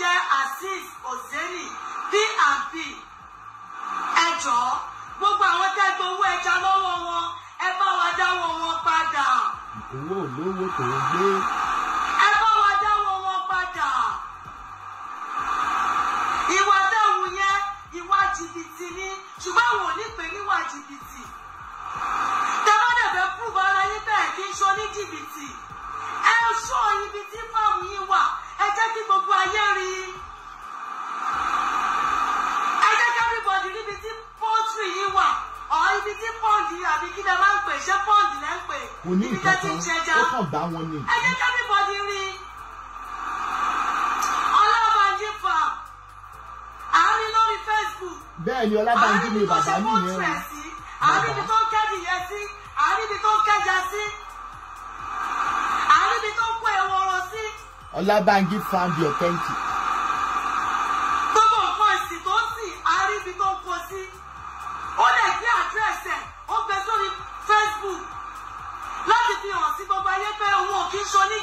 jẹ́ azeez ozeni pnp ẹ jọ̀ọ́ gbogbo àwọn tẹ́ gbowó ẹja lọ́wọ́ wọn ẹ bá wa dáwọ́ wọn padà. owó olówó tó ń gbé. ẹ bá wa dáwọ́ wọn padà. ìwà dáhùn yẹn ìwà jìbìtì ni ṣùgbọ́n àwọn ò ní pè níwà jìbìtì. kò ní nǹkan kan ó kàn bá wọn ni. ẹ jẹ́ kábí bọ́dí rí ọlọ́bànjí fà àárín lórí Facebook. bẹ́ẹ̀ ni ọlábànjí ni bàbá nìyẹn o. àárín ibi tó ń kẹ́dìyẹ sí àárín ibi tó ń kẹ́jà sí àárín ibi tó ń kó ewúro sí. ọlábànjí found the authentic.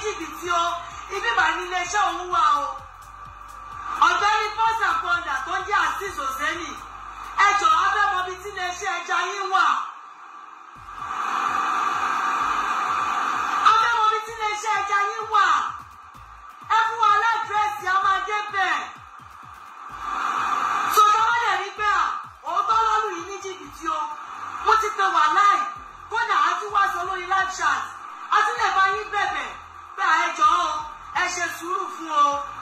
jìbìtì o ibi bá ní iléeṣẹ́ òun wà o ọ̀gbẹ́ni pọ́sà pọ́ndà tó ń jẹ́ azeez oseni ẹjọ́ abẹ́mọbi tí iléeṣẹ́ ẹja yín wà abẹ́mọbi tí iléeṣẹ́ ẹja yín wà.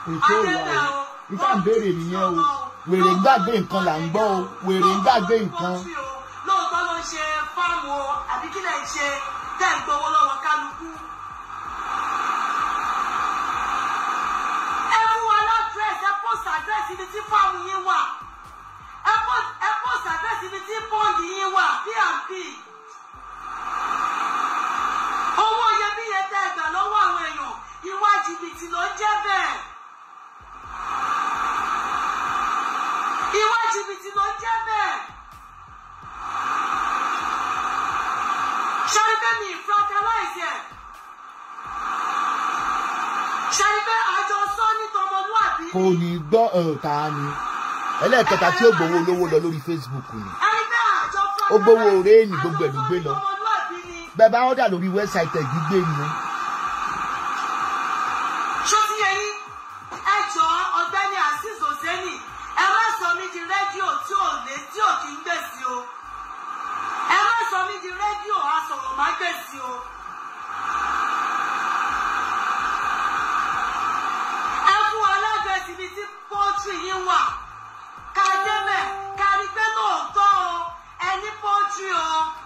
ètò ìwà o níta ń béèrè nìyẹn o wèrè ń gbàgbé nǹkan là ń gbọ́ o wèrè ń nǹkan. lóòótọ́ ló ń ṣe fáàmù o àbí kílẹ̀ ń ṣe tẹ́ ń gbowó lọ́wọ́ kálukú kò ní gbọ́ ọ̀tá ni ẹlẹ́ẹ̀kẹta tí ó gbowó olówó lọ lórí Facebook ni ó gbowó rẹ́ẹ̀nì gbogbo ẹ̀ ló gbé lọ bẹ́ẹ̀ bá ọ́dà lórí wẹ́bsáìtì ẹ̀ gbígbé ni.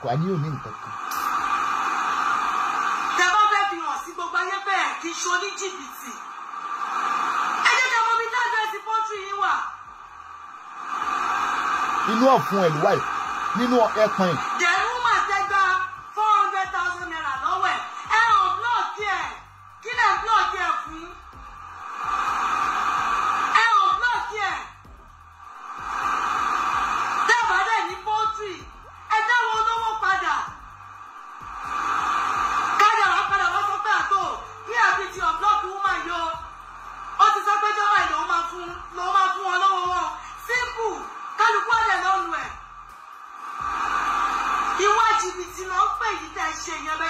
kò á ní òní nǹkan kan. tẹ́bá fẹ́ fi hàn sí gbogbo ayé bẹ́ẹ̀ kì í ṣe oníjìbìtì ẹ jẹ́ kí ọmọ mi dágbẹ́sì pọ́ńtì yín wà. inú ọ̀fun ẹ̀ nínú ẹ̀pọ̀n yìí.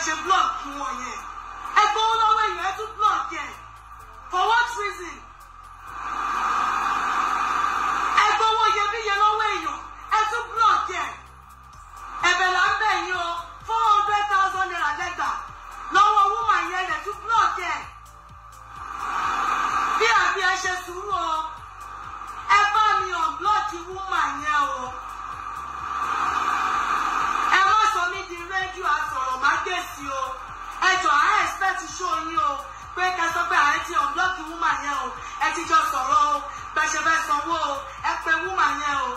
ṣe blọọkì wọn yẹn ẹ gbowó lọ́wọ́ èèyàn ẹ tún blọọkì ẹ for what reason ẹ gbowó iyebíye lọ́wọ́ èèyàn ẹ tún blọọkì ẹ ẹ̀bẹ̀ là ń bẹ̀ yín o four hundred thousand naira lẹ́gbàá lọ́wọ́ woman yẹn ẹ̀ tún block ẹ bí àbí ẹ ṣe sùúrù o. ṣó yín o pé ká sọ pé àá ti ọ̀dọ́kì wúmà yẹn o ẹ ti jọ sọ̀rọ̀ o bẹ́sẹ̀ sanwó o ẹ pé wúmà yẹn o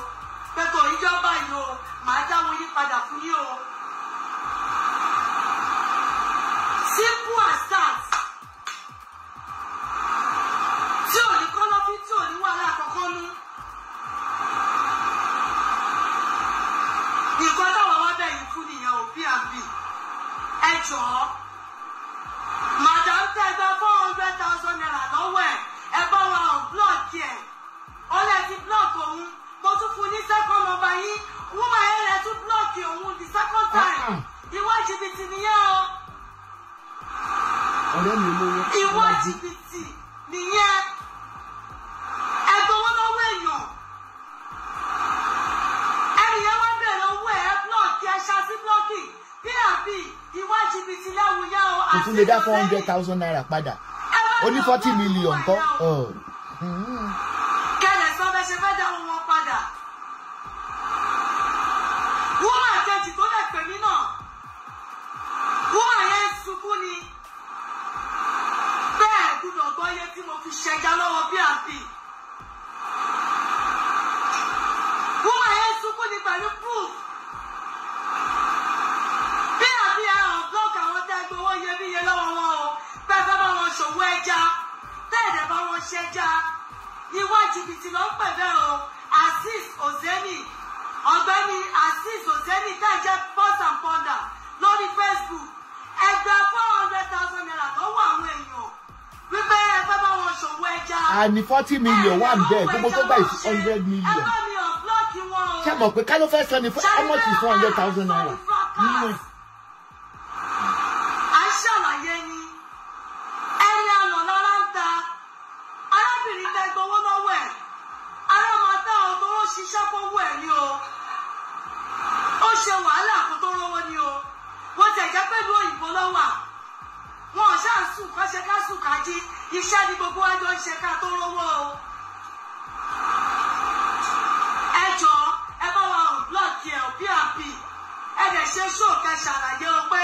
pé kò ìjọba yìí o màá dáwọ́ yí padà fún yín o. simple as that. tí ò ní kọ́lọ́fín tí ò ní wàhálà àkọ́kọ́ nú. nǹkan táwọn wá bẹ̀yìn fún nìyẹn o bí àbí ẹ jọ̀ọ́ madam tẹ gba four hundred thousand naira lọ́wọ́ ẹ̀ ẹ bá wa ọ̀ blọọkì ẹ̀ ó lẹ ti blọọkì òun mo tún fún ní second number yín woman ẹ̀ lẹ tún blọọkì òun the second time ah, ah. ìwọ jìbìtì nìyẹn o. ọ̀rẹ́ mi ló wọ́n. ìwọ jìbìtì nìyẹn. kò tún lè dá four hundred thousand naira padà ó ní forty million kọ́. Oh. Hmm. jìbìtì ló ń pè bẹ́ẹ̀ o azeez ozeni ọ̀gbẹ́ni azeez ozeni tẹ́ jẹ́ pọ́s and ponder lórí facebook ẹgbẹ́ four hundred thousand naira tó wà àwọn èèyàn wípé ẹgbẹ́ bá wọn ṣòwò ẹja. àní forty million wà ń bẹ́ẹ̀ gbogbo tó gbà is hundred million. ṣé mọ̀ pé ká ló fẹ́ sọ ni how much is four hundred thousand naira. sùn kán ṣe ká sùn ká iṣẹ́ ni gbogbo wa jọ ń ṣe ká tó rówó o. ẹ jọ ẹ bá wa ò lọ́ọ̀kì ẹ̀ ò àbí ẹ dẹ̀ ṣe ṣóò kẹ ṣàlàyé o pé